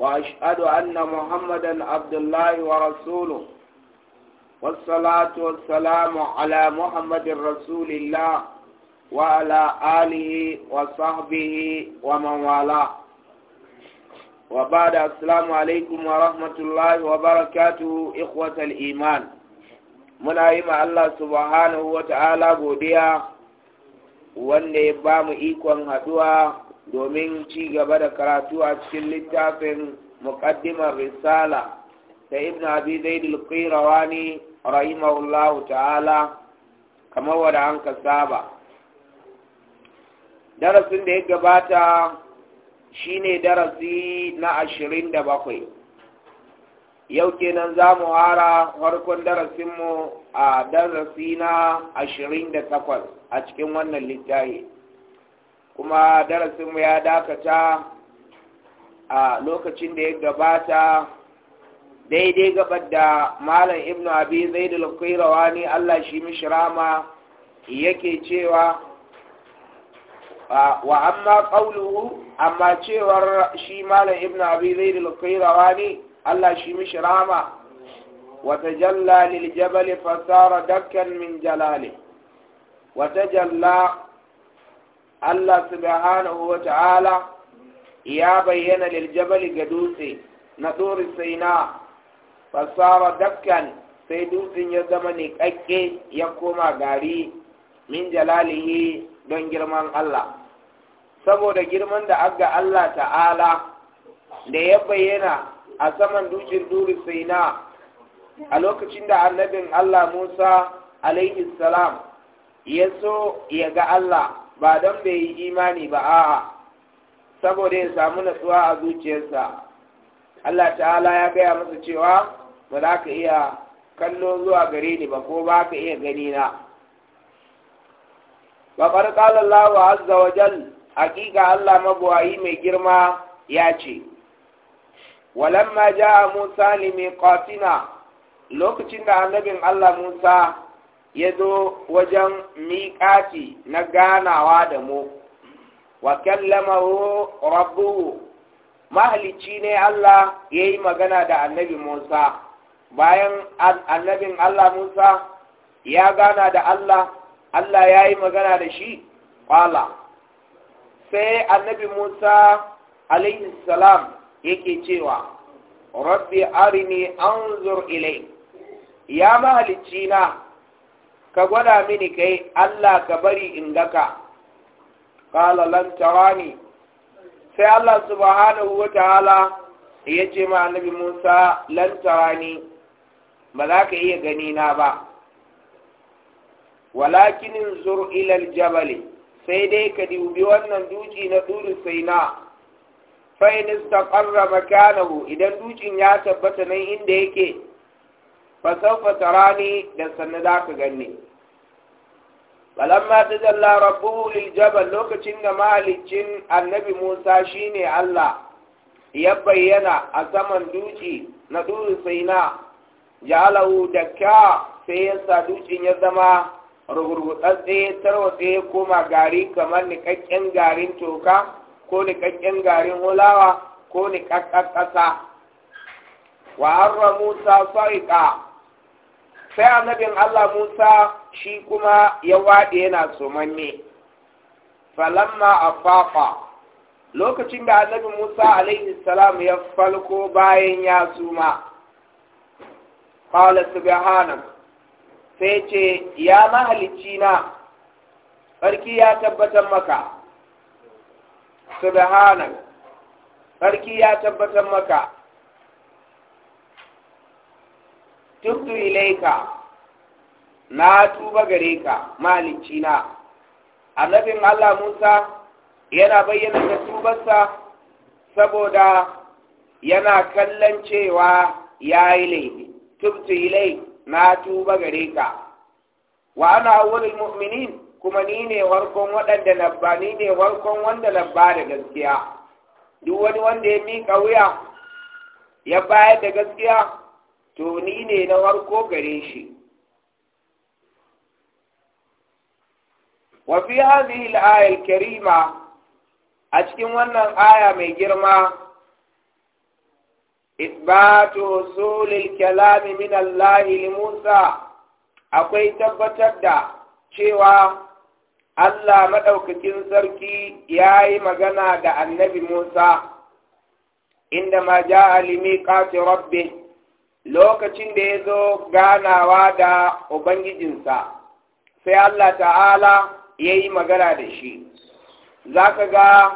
وأشهد أن محمدا عبد الله ورسوله والصلاة والسلام على محمد رسول الله وعلى آله وصحبه ومن والاه وبعد السلام عليكم ورحمة الله وبركاته إخوة الإيمان muna yi ma Allah subhanahu wa ta'ala godiya wanda ya ba mu ikon haɗuwa domin ci gaba da karatu a cikin littafin muƙaddimar risala ta ibn abi zaid qirawani rahimahullahu ta'ala kamar wanda an ka saba darasin da ya gabata shine darasi na ashirin da bakwai yau kenan za mu hara farkon darasinmu a darasi na ashirin da takwas a cikin wannan littafin. kuma darasinmu ya dakata a lokacin da ya gabata daidai gabar da malam ibn abi zaid al-qayrawani Allah shi rama yake cewa wa amma qawluhu amma cewar shi malam ibn abi zaid al-qayrawani Allah shi mishi rama wata lil jabal fasara dakkan min jalali wa Allah subhanahu wa ta'ala ya bayyana liljabali ga dutse na tsori sai na fasara dakkan sai dutsen ya zama ne kakke ya koma gari min jalalihi don girman Allah saboda girman da aga Allah ta'ala da ya bayyana a saman dutsen duri sai na a lokacin da annabin Allah Musa alaihi salam ya so ya ga Allah ba don bai yi imani ba a'a saboda ya samu natsuwa a zuciyarsa Allah ta'ala ya gaya masa cewa ba za ka iya kallo zuwa gare ni ba ko ba ka iya gani na baƙar ƙalallahu azza wa jal haƙiƙa Allah mabuwayi mai girma ya ce walamma a musa ne mai limiqatina lokacin da annabin Allah Musa ya zo wajen miƙaci na ganawa da mu wa kallamahu rabbuhu mahalicci ne Allah ya yi magana da annabi Musa bayan annabin Allah Musa ya gana da Allah Allah ya yi magana da shi ƙwala sai annabi Musa alaihi salam yake cewa rabbi arini anzur ilai ya mahalicci na ka gwada mini kai Allah ka bari in gaka qala lan tarani sai Allah subhanahu wa ta'ala ya ce ma annabi Musa lan tarani ba za ka iya gani na ba walakin zur ila aljabal sai dai ka dubi wannan duci na duri na fa in istaqarra makanahu idan dukin ya tabbata nan inda yake fasaufa tarani da sannu za ka ganni falamma tajalla rabbuhu lil jabal lokacin da mahalicin annabi Musa shine Allah ya bayyana a saman duci na duru saina ja'alahu dakka sai ya sa ducin ya zama rugurgutsatse tarwatse koma gari kamar niƙaƙƙen garin toka ko niƙaƙƙen garin hulawa ko nikakken ƙasa wa harra Musa sa'iqa sai annabin Allah Musa shi kuma ya waɗe yana tsumanne falamma afafa lokacin da annabin Musa alaihi salam ya falko bayan ya tsuma qala subhanak sai ce ya mahalicci na sarki ya tabbatar maka subhanak sarki ya tabbatar maka tubtu ilaika na tuba gare ka malicci na annabin Allah Musa yana bayyana da tubarsa saboda yana kallon cewa ya yi laifi tubtu ilai na tuba gare ka wa ana awwalul mu'minin kuma ni ne warkon waɗanda labba ni ne warkon wanda labba da gaskiya duk wani wanda ya miƙa wuya ya bayar da gaskiya to ni ne na warko gare shi wa fi hadhihi al-aya karima a cikin wannan aya mai girma isbatu usul al-kalam min Allah li Musa akwai tabbatar da cewa Allah madaukakin sarki yayi magana da Annabi Musa inda ma ja'a qati rabbih lokacin da ya zo ganawa da ubangijinsa sai Allah ta'ala ya yi magana da shi za ka ga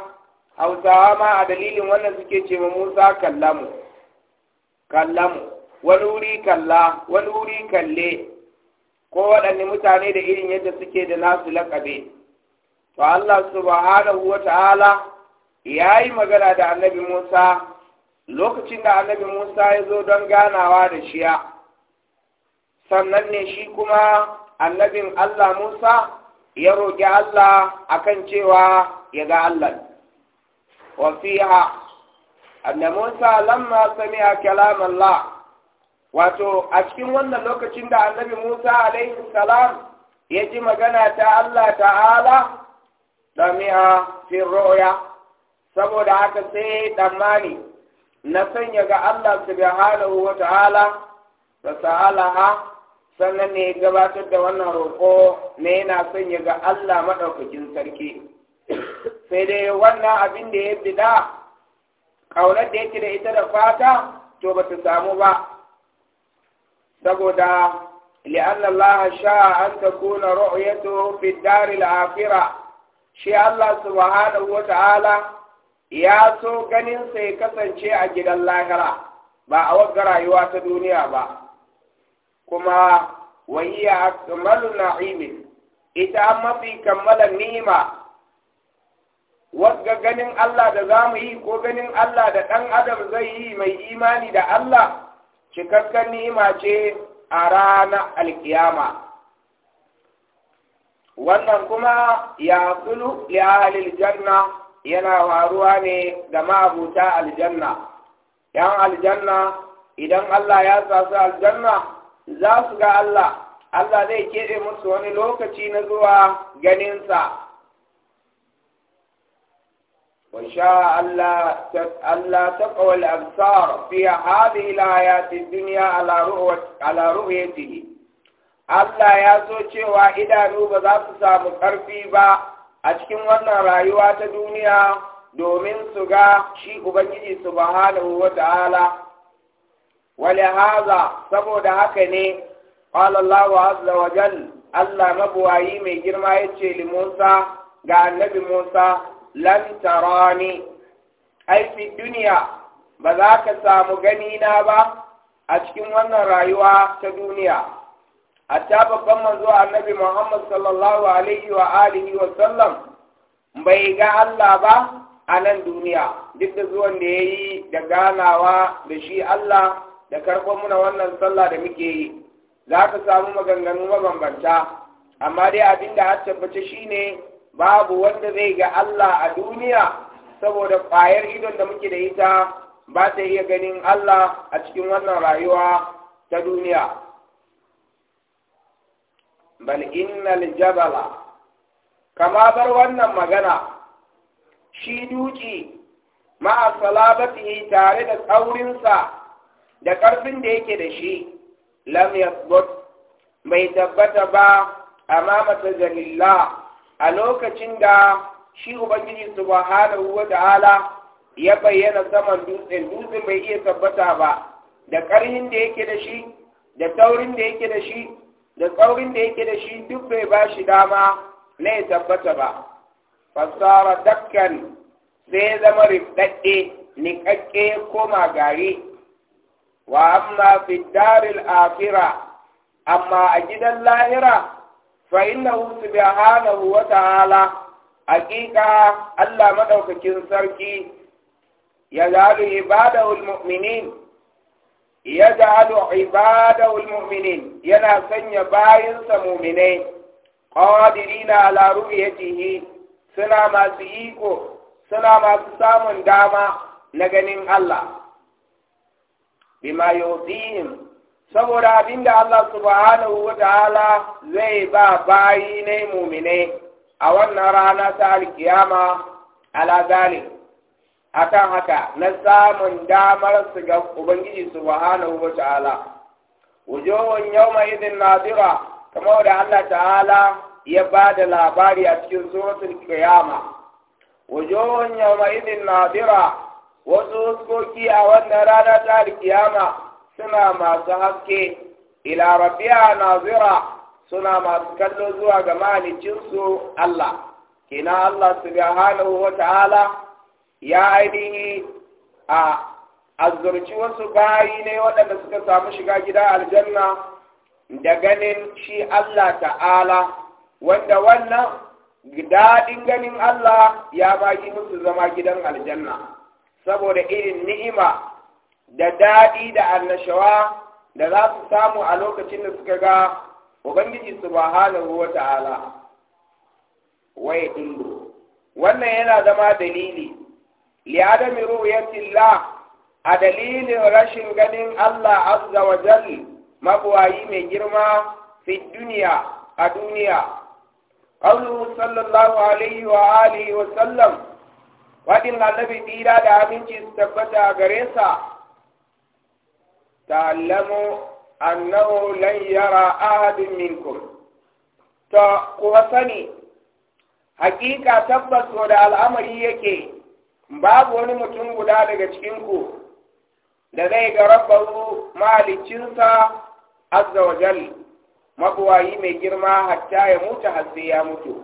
hausawa ma a dalilin wannan suke ce ma musa kallamu kallamu wani wuri kalla wani wuri kalle ko waɗanne mutane da irin yadda suke da nasu laƙabe to Allah subhanahu wa ta'ala ya yi magana da annabi musa lokacin da annabi Musa ya zo don ganawa da shiya sannan ne shi kuma annabin Allah Musa ya roƙi Allah akan cewa ya ga Allah wa fiha Musa lamma sami'a kalam Allah wato a cikin wannan lokacin da annabi Musa alaihi salam ya ji magana ta Allah ta'ala sami'a fi ru'ya saboda haka sai damani na sanya ga Allah subhanahu wa ta'ala da sa'alaha sannan ne gabatar da wannan roƙo ne yana sanya ga Allah madaukakin sarki sai dai wannan abin da ya bida ƙaunar da yake da ita da fata to ba ta samu ba saboda لأن الله شاء أن تكون رؤيته في الدار الآخرة شاء الله سبحانه وتعالى ya so ganin sai kasance a gidan lahira ba a wata rayuwa ta duniya ba kuma wahiya akmalu na'imin ita mafi kammala ni'ima wadda ganin Allah da za mu yi ko ganin Allah da ɗan adam zai yi mai imani da Allah cikakken ni'ima ce a ranar alkiyama wannan kuma ya kulu li janna yana waruwa ne ga ma'abuta aljanna yan aljanna idan Allah ya sa aljanna za su ga Allah Allah zai keɓe musu wani lokaci na zuwa ganinsa وشاء ألا تقوى الأبصار في هذه الآيات الدنيا على رؤية على رؤيته Allah ya so cewa idanu ba za su samu ƙarfi ba a cikin wannan rayuwa ta duniya domin su ga shi Ubangiji subhanahu wa ta'ala wale haza saboda haka ne ƙwalallahu azza wa jal Allah mabuwayi mai girma ya ce li Musa ga annabi Musa lan tarani aifi duniya ba za ka samu gani na ba a cikin wannan rayuwa ta duniya ta babban manzo annabi Muhammad sallallahu alaihi wa alihi wa sallam bai ga Allah ba a nan duniya duk da zuwan da yayi da ganawa da shi Allah da karɓo muna wannan sallah da muke yi za ka samu maganganu mabambanta amma dai abinda da har tabbace shine babu wanda zai ga Allah a duniya saboda ƙwayar idon da muke da ita ba ta iya ganin Allah a cikin wannan rayuwa ta duniya bal innal jabala kama bar wannan magana shi duki ma salabatihi tare da tsaurinsa da ƙarfin da yake da shi lam yasbut bai tabbata ba amama tajallillah a lokacin da shi ubangiji subhanahu wa ta'ala ya bayyana saman dutsen dutsen bai iya tabbata ba da ƙarhin da yake da shi da taurin da yake da shi da tsaurin da yake da shi duk bai ba shi dama na ya tabbata ba fasara dakkan sai ya zama ni niƙaƙƙe koma gari wa amma fi daril akhira amma a gidan lahira fa innahu subhanahu wa ta'ala haƙiƙa Allah madaukakin sarki ya zalu ibadahu almu'minin ibada wal mu'minin yana sanya sa mu'minai qadirina ala ru'yatihi suna masu iko suna masu samun dama na ganin Allah bima yudihim saboda abinda Allah subhanahu wa ta'ala zai ba bayi ne mu'minai a wannan rana ta alkiyama ala zalim akan haka na samun damar su ga ubangiji subhanahu wa ta'ala wujuhun izin na nadira kamar da Allah ta'ala ya ba da labari a cikin suratul qiyama wujuhun izin na nadira wasu huskoki a wannan rana ta kiyama suna masu haske ila na nazira suna masu kallo zuwa ga mahalicinsu Allah kina Allah subhanahu wa ta'ala ya ainihi a azurci wasu bayi ne waɗanda suka samu shiga gida aljanna da ganin shi Allah ta'ala wanda wannan daɗin ganin Allah ya bagi musu zama gidan aljanna saboda irin ni'ima da daɗi da annashawa da za su samu a lokacin da suka ga Ubangiji subhanahu wa ta'ala waye dundu wannan yana zama dalili ya ru'yatillah a dalilin rashin ganin Allah azza wa jal mabuwayi mai girma fi duniya a duniya qawluhu sallallahu alaihi wa alihi wa sallam wadin annabi tsira da aminci su tabbata gare sa ta'allamu annahu lan yara ahadun minkum Ta kuwa sani hakika tabbas wada al'amari yake babu wani mutum guda daga cikinku da zai ga rabbahu ma'likinsa azza wa jal mabuwayi mai girma hatta ya mutu har sai ya mutu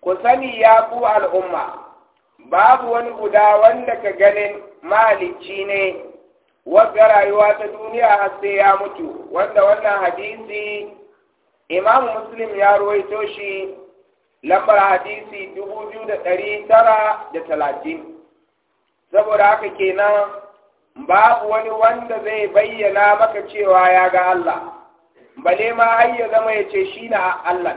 ku sani ya ku al'umma babu wani guda wanda ka ganin malici ne wadda rayuwa ta duniya har sai ya mutu wanda wannan hadisi imamu muslim ya rawaito shi lambar hadisi dubu biyu da ɗari tara da talatin saboda haka kenan babu wani wanda zai bayyana maka cewa ya ga Allah bale ma har zama ya ce shi na Allah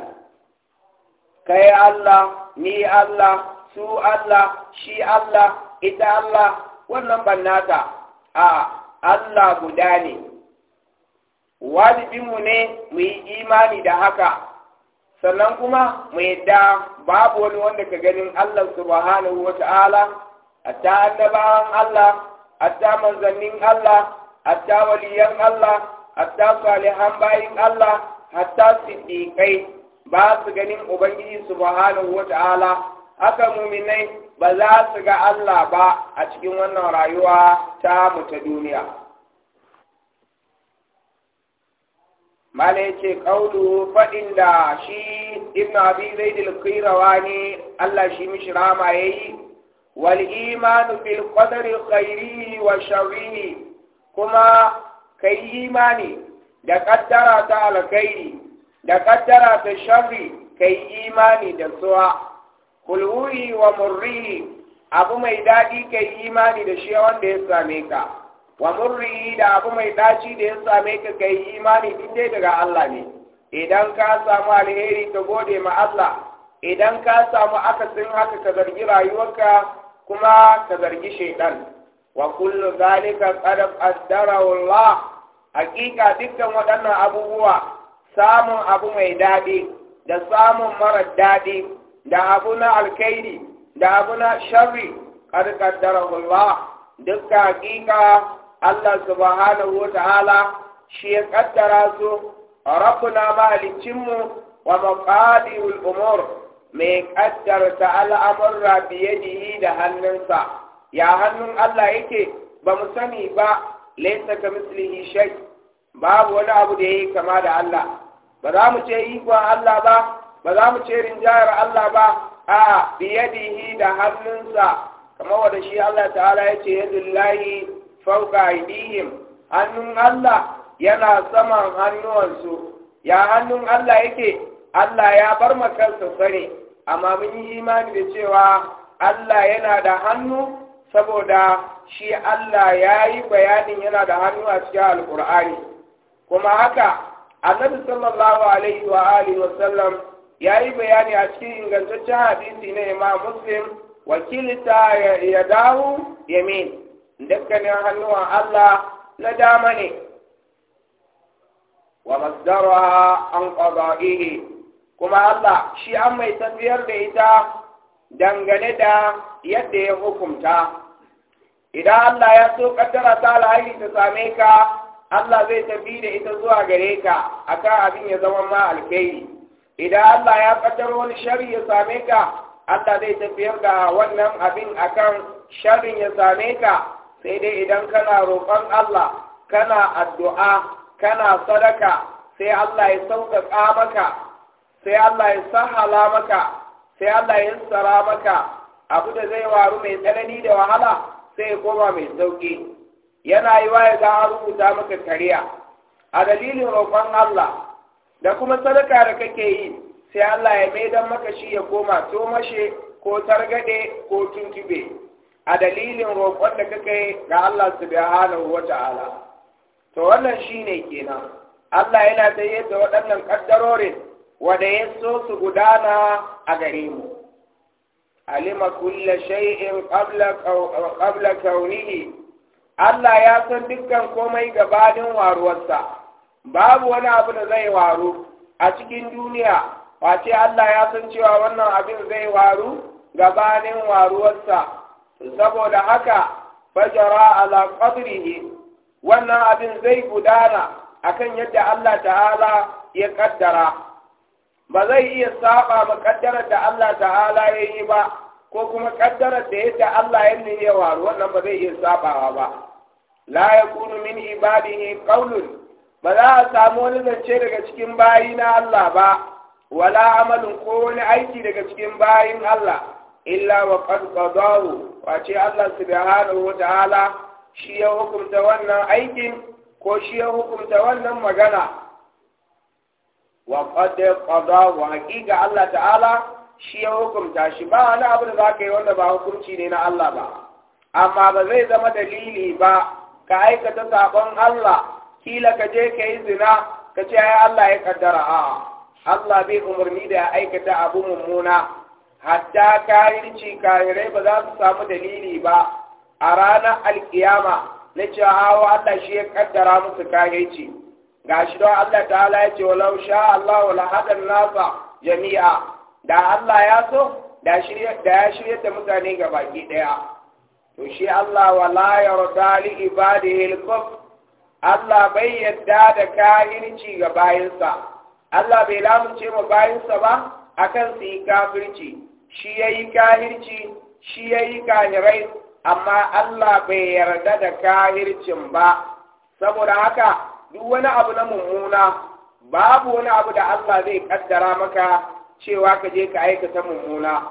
kai Allah ni Allah su Allah shi Allah ita Allah wannan bannata a Allah guda ne wajibinmu ne mu yi imani da haka sannan kuma mu yadda babu wani wanda ka ganin Allah subhanahu wa ta'ala Ata annabawan Allah ata manzannin Allah ata waliyan Allah ata salihan bayin Allah hatta siddiqai ba su ganin ubangiji subhanahu wata'ala haka muminai ba za su ga Allah ba a cikin wannan rayuwa ta mu ta duniya malai ce ƙaulu faɗin da shi ibn abi zaid al ne Allah shi mishi rama yi. والإيمان بالقدر خيره وشره kuma كي imani da kaddara ta alkhairi da kaddara ta sharri kai imani da suwa kulwuri wa murrihi abu mai daɗi kai imani da shi wanda ya same ka wa murrihi da abu mai ɗaci da ya same ka kai imani duk daga Allah ne idan ka samu alheri ka gode ma Allah idan ka samu akasin haka ka zargi rayuwarka kuma ka zargi shaidan wa kullu zalika qad qaddara Allah hakika dukkan waɗannan abubuwa samun abu mai daɗi da samun mara daɗi da abu na alkairi da abu na sharri qad qaddara Allah dukkan hakika Allah subhanahu wataala shi ya kaddara su rabbuna malikinmu wa maqadi'ul umur mai ƙaddarta al'amurra biyadihi da hannunsa ya hannun Allah yake ba mu sani ba laisa ka mislihi shai babu wani abu da yayi kama da Allah ba za mu ce ikon Allah ba ba za mu ce rinjayar Allah ba a biyadihi da hannunsa kamar wanda shi Allah ta'ala ya ce yadullahi fauka aidihim hannun Allah yana saman hannuwansu ya hannun Allah yake Allah ya bar makarsa sani amma mun yi imani da cewa Allah yana da hannu saboda shi Allah ya yi bayanin yana da hannu a cikin alkur'ani kuma haka annabi sallallahu alaihi wa alihi wa sallam ya yi bayani a cikin ingantaccen hadisi na imam muslim wakilita ya dawo yamin dukkanin hannuwan Allah na dama ne wa masdara an qada'ihi kuma Allah shi an mai tafiyar da ita dangane da yadda ya hukumta idan Allah ya so kaddara ta alhairi ta same ka Allah zai tafi da ita zuwa gare ka a kan abin ya zama ma alkhairi idan Allah ya kaddara wani shari ya same ka Allah zai tafiyar da wannan abin akan sharrin ya same ka sai dai idan kana roƙon Allah kana addu'a kana sadaka sai Allah ya sauƙaƙa maka sai Allah ya sahala maka sai Allah ya tsara maka abu da zai waru mai tsanani da wahala sai ya koma mai sauki yana yi wa ya ga rubuta maka kariya a dalilin roƙon Allah da kuma sadaka da kake yi sai Allah ya dan maka shi ya koma to tomashe ko targade ko tuntube a dalilin roƙon da kake ga Allah subhanahu wata'ala to wannan shine kenan Allah yana da yadda waɗannan kaddarorin wanda ya so su gudana a gare mu alima kulle shay'in qabla kaunihi Allah ya san dukkan komai gabanin waruwarsa babu wani abu da zai waru a cikin duniya wace Allah ya san cewa wannan abin zai waru gabanin waruwarsa saboda haka fajara ala qadrihi wannan abin zai gudana akan yadda Allah ta'ala ya ƙaddara. ba zai iya saba ba kaddarar da Allah ta'ala ya yi ba ko kuma kaddarar da yadda Allah ya ne ya waru wannan ba zai iya sabawa ba la yakunu min ibadihi qawlun ba za a samu wani zance daga cikin bayi na Allah ba wala amalin ko wani aiki daga cikin bayin Allah illa wa qad wace Allah subhanahu wa ta'ala shi ya hukunta wannan aikin ko shi ya hukunta wannan magana wa qadda qada wa hakika Allah ta'ala shi ya hukunta shi ba wani abu da ka yi wanda ba hukunci ne na Allah ba amma ba zai zama dalili ba ka aikata sabon Allah kila ka je ka yi zina ka ce ai Allah ya kaddara a Allah bai umarni da ya aikata abu mummuna hatta kayirci kayirai ba za su samu dalili ba a ranar alkiyama na cewa hawa Allah shi ya kaddara musu kayirci Ga shi don Allah ta'ala ya ce wa sha Allah wa lahadan nasa jami'a da Allah ya so da ya shirya ta mutane ga baki daya to shi Allah wa la yarda li ibadihi Allah bai yadda da kayanci ga bayansa. Allah bai lamunce ma bayansa ba akan su yi kafirci shi ya yi kahirci shi ya yi kahirai amma Allah bai yarda da kahircin ba saboda haka duk wani abu na mummuna babu wani abu da Allah zai kaddara maka cewa ka je ka aikata mummuna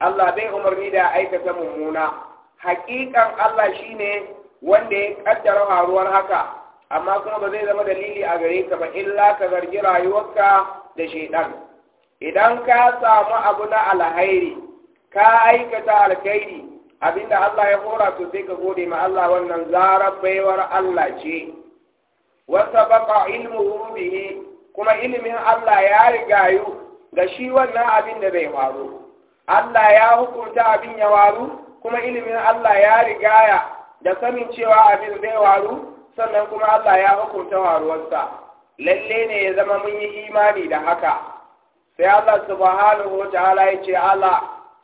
Allah bai umarni da aikata mummuna hakikan Allah shine wanda ya kaddara faruwar haka amma kuma ba zai zama dalili a gare ka ba illa ka zargi rayuwarka da shedan idan ka samu abu na alhairi ka aikata alkhairi abinda Allah ya hora to sai ka gode ma Allah wannan zarar Allah ce wasa baka ilmuhu bihi kuma ilimin Allah ya rigayu ga shi wannan abin da bai waru. Allah ya hukunta abin ya waru kuma ilimin Allah ya ya da sanin cewa abin zai waru sannan kuma Allah ya hukunta waruwarsa lalle ne ya zama mun yi imani da haka sai Allah subhanahu wa ta'ala ya ce Allah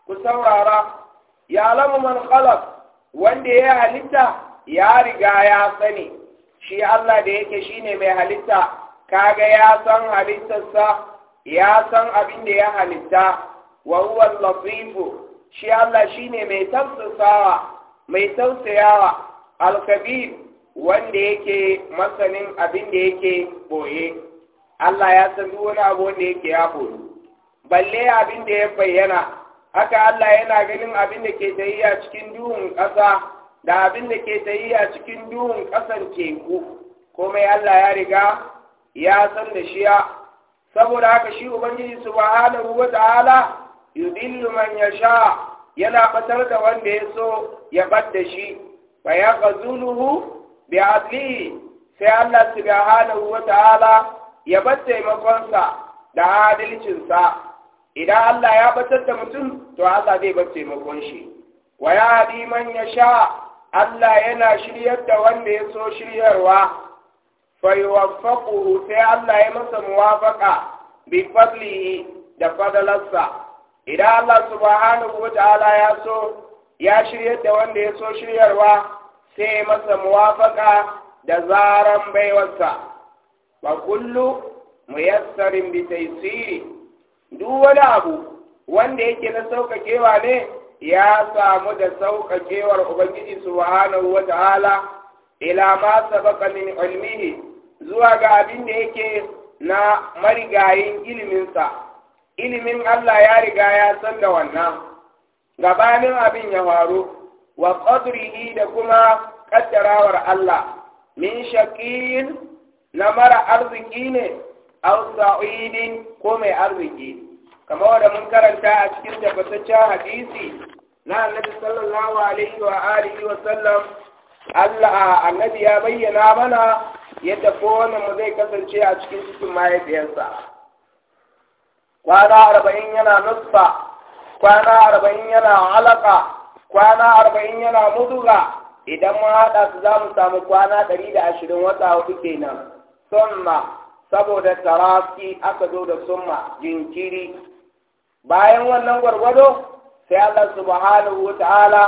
ku saurara ya lamu man khalaq wanda ya halitta ya riga ya sani shi Allah da yake ne mai halitta kaga ya san halittarsa ya san abin da ya halitta wa huwa lafifu, shi Allah shine mai tausasawa mai tausayawa alkabib wanda yake masanin abin da yake boye Allah ya san wani abu wanda yake ya boye balle abin da ya bayyana haka Allah yana ganin abin da ke a cikin duhun ƙasa da abin da ke ta yi a cikin duhun ƙasan teku komai Allah ya riga ya san da shiya saboda haka shi ubangiji subhanahu wa ta'ala yudillu man yasha yana batar da wanda ya so ya badda shi fa yaqzuluhu bi adlihi sai Allah su subhanahu wa ta'ala ya bar taimakonsa da adalcinsa idan Allah ya batar da mutum to Allah zai bar taimakon shi wa ya man yasha Allah yana shiryar da wanda ya so shiryarwa fayuwaffaquhu sai Allah ya masa muwafaƙa bi fadlihi da fadalarsa idan Allah subhanahu wataala ya so ya shiryar da wanda ya so shiryarwa sai ya masa muwafaƙa da zaren baiwarsa ba kullu yassarin bi taysiri duk wani abu wanda yake na sauƙaƙewa ne ya samu da sauƙaƙewar ubangiji subhanahu wa ta'ala ila ma sabaka min ilmihi zuwa ga abin da yake na marigayin iliminsa ilimin Allah ya riga ya san da wannan gabanin abin ya faru wa qadrihi da kuma ƙaddarawar Allah min shaqiyin na mara arziki ne au sa'idin ko mai arziki kama da mun karanta a cikin tabbataccen hadisi na annabi sallallahu alaihi wa alihi wa sallam Allah annabi ya bayyana mana yadda kowane mu zai kasance a cikin cikin mahaifiyarsa kwana arba'in yana nutfa kwana arba'in yana alaka kwana arba'in yana mudura, idan mun haɗa su za mu samu kwana ɗari da ashirin wata hudu kenan sunna saboda tarafi aka zo da summa jinkiri bayan wannan gwargwado sai Allah subhanahu wa ta'ala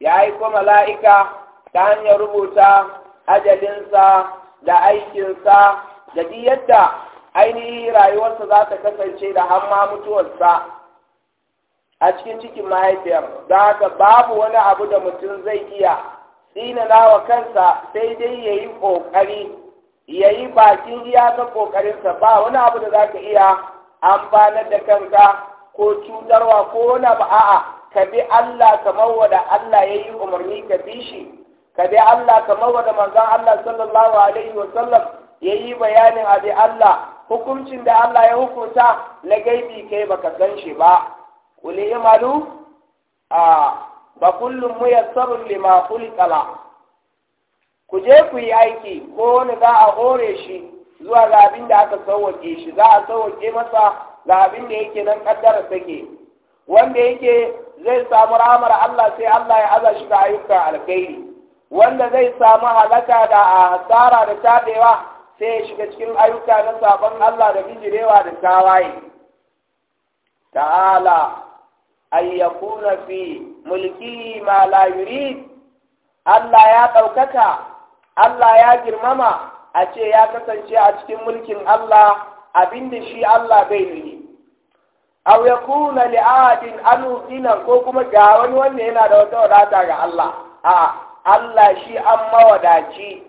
ya aiko mala'ika ta hanyar rubuta ajalinsa da aikinsa da yadda ainihi rayuwarsa za ta kasance da hamma mutuwarsa a cikin cikin mahaifiyar da ka babu wani abu da mutum zai iya tsinana wa kansa sai dai ya yi ƙoƙari ya yi bakin ta ƙoƙarinsa ba wani abu da za ka iya amfanar da kanka ko cutarwa ko wani abu a'a ka bi Allah kamar wanda Allah ya yi umarni ka bi shi ka bi Allah kamar wanda manzon Allah sallallahu alaihi wa sallam ya yi bayanin abi Allah hukuncin da Allah ya hukunta na gaibi kai baka san shi ba kuli imalu a ba kullum muyassarun lima kala. ku je ku yi aiki ko wani za a hore shi zuwa ga abin da aka sauwake shi za a sauwake masa ga abin da yake nan kaddara take wanda yake zai samu ramar Allah sai Allah ya aza shi ga ayyukan alkhairi wanda zai samu halaka da asara da tadewa sai ya shiga cikin ayyuka na sabon Allah da bijirewa da tawaye ta'ala an yakuna fi mulki ma la yurid Allah ya ɗaukaka Allah ya girmama a ce ya kasance a cikin mulkin Allah Abin da shi Allah bai nuni. aw yakuna li adin anu ko kuma ga wani wanda yana da wata wadata ga Allah a Allah shi an mawadaci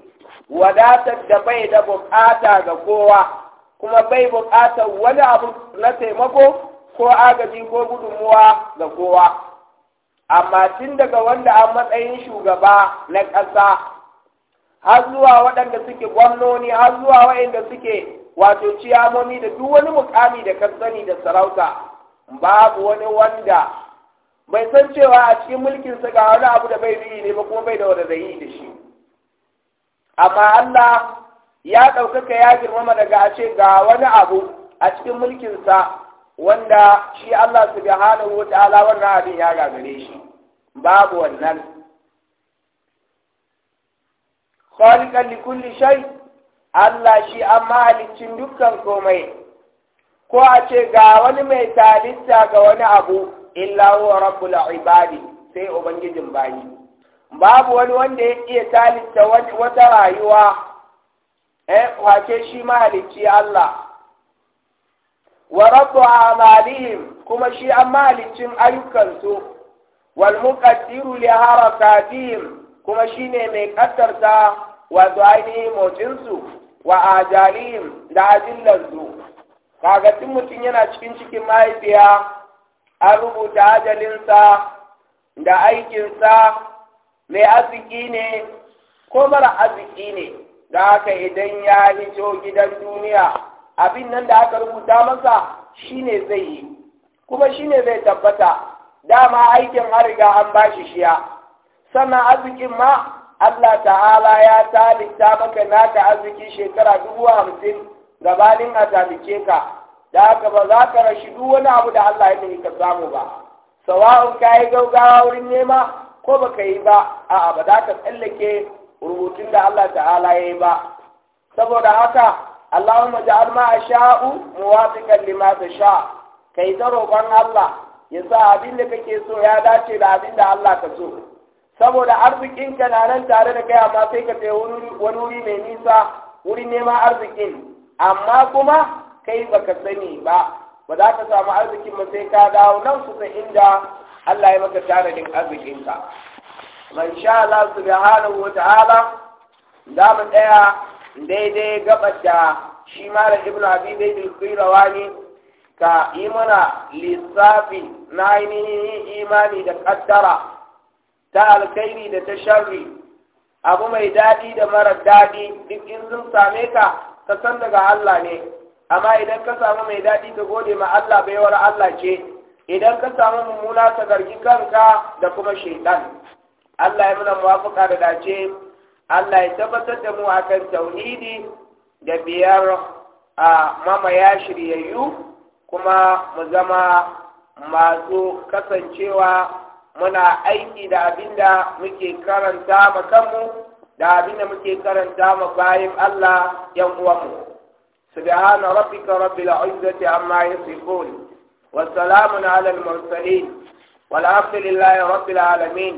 wadatar da bai da bukata ga kowa kuma bai bukatar wani abu na taimako ko agaji ko gudunmuwa ga kowa amma tun daga wanda an matsayin shugaba na ƙasa har zuwa waɗanda suke gwamnoni har zuwa waɗanda suke wato ciyamomi da duk wani mukami da kan sani da sarauta babu wani wanda bai san cewa a cikin mulkin sa ga wani abu da bai biyi ne ba kuma bai da wanda zai yi da shi amma Allah ya ɗaukaka ya girmama daga a ce ga wani abu a cikin mulkin sa wanda shi Allah subhanahu wa ta'ala wannan abin ya gagare shi babu wannan khaliqan likulli shay Allah shi an mahalicin dukkan komai, ko a ce ga wani mai talista ga wani abu, illa wa rabbul ibadi sai Ubangijin bayi. Babu wani wanda ya iya talista wata rayuwa, eh, wace shi mahalicci Allah. wa rabbu amalihim kuma shi an mahalicin ayyukansu wal muqaddiru li harakatihim kuma shine mai kaddarta wato ainihin motsinsu wa ajalihim da ajillar su kaga mutum yana cikin cikin mahaifiya a rubuta ajalinsa da aikinsa mai arziki ne ko mara arziki ne da haka idan ya hito gidan duniya abin nan da aka rubuta masa shine zai yi kuma shine zai tabbata dama aikin an riga an bashi shiya sannan arzikin ma Allah ta'ala ya ta maka naka arziki shekara dubu hamsin gabanin a talice ka da haka ba za ka rashi duk wani abu da Allah ya ka samu ba sawa'un ka yi gaugawa wurin nema ko ba ka yi ba a'a ba za ka tsallake rubutun da Allah ta'ala ya yi ba saboda haka Allahumma ja'al ma sha'u muwafiqan lima sha kai ta roƙon Allah ya sa abin da kake so ya dace da abin da Allah ka so saboda arzikinka na nan tare da kai amma sai ka tafi wani wuri mai nisa wuri neman arzikin amma kuma kai baka sani ba ba za ka samu arzikin ba sai ka dawo nan kusa inda Allah ya maka tanadin arzikin ka man sha Allah subhanahu wa za mu ɗaya daidai gabar da shi malam ibnu abi zaid al ka yi mana lissafi na ainihin imani da kaddara ta alkhairi da ta sharri abu mai daɗi da mara daɗi duk in sun same ka ka san daga Allah ne amma idan ka samu mai daɗi ka gode ma Allah baiwar Allah ce idan ka samu mummuna ka gargi kanka da kuma shaitan Allah ya muna muwafuka da dace Allah ya tabbatar da mu akan tauhidi da biyar a mamaya shiryayyu kuma mu zama masu kasancewa muna aiki da abinda muke karanta ma kanmu da abinda muke karanta ma bayan Allah yan uwanmu subhana rabbika rabbil izzati amma yasifun wa salamun ala al mursalin walhamdulillahi rabbil alamin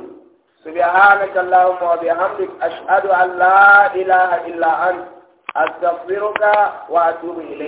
سبحانك اللهم وبحمدك أشهد أن لا إله إلا أنت أستغفرك وأتوب إليك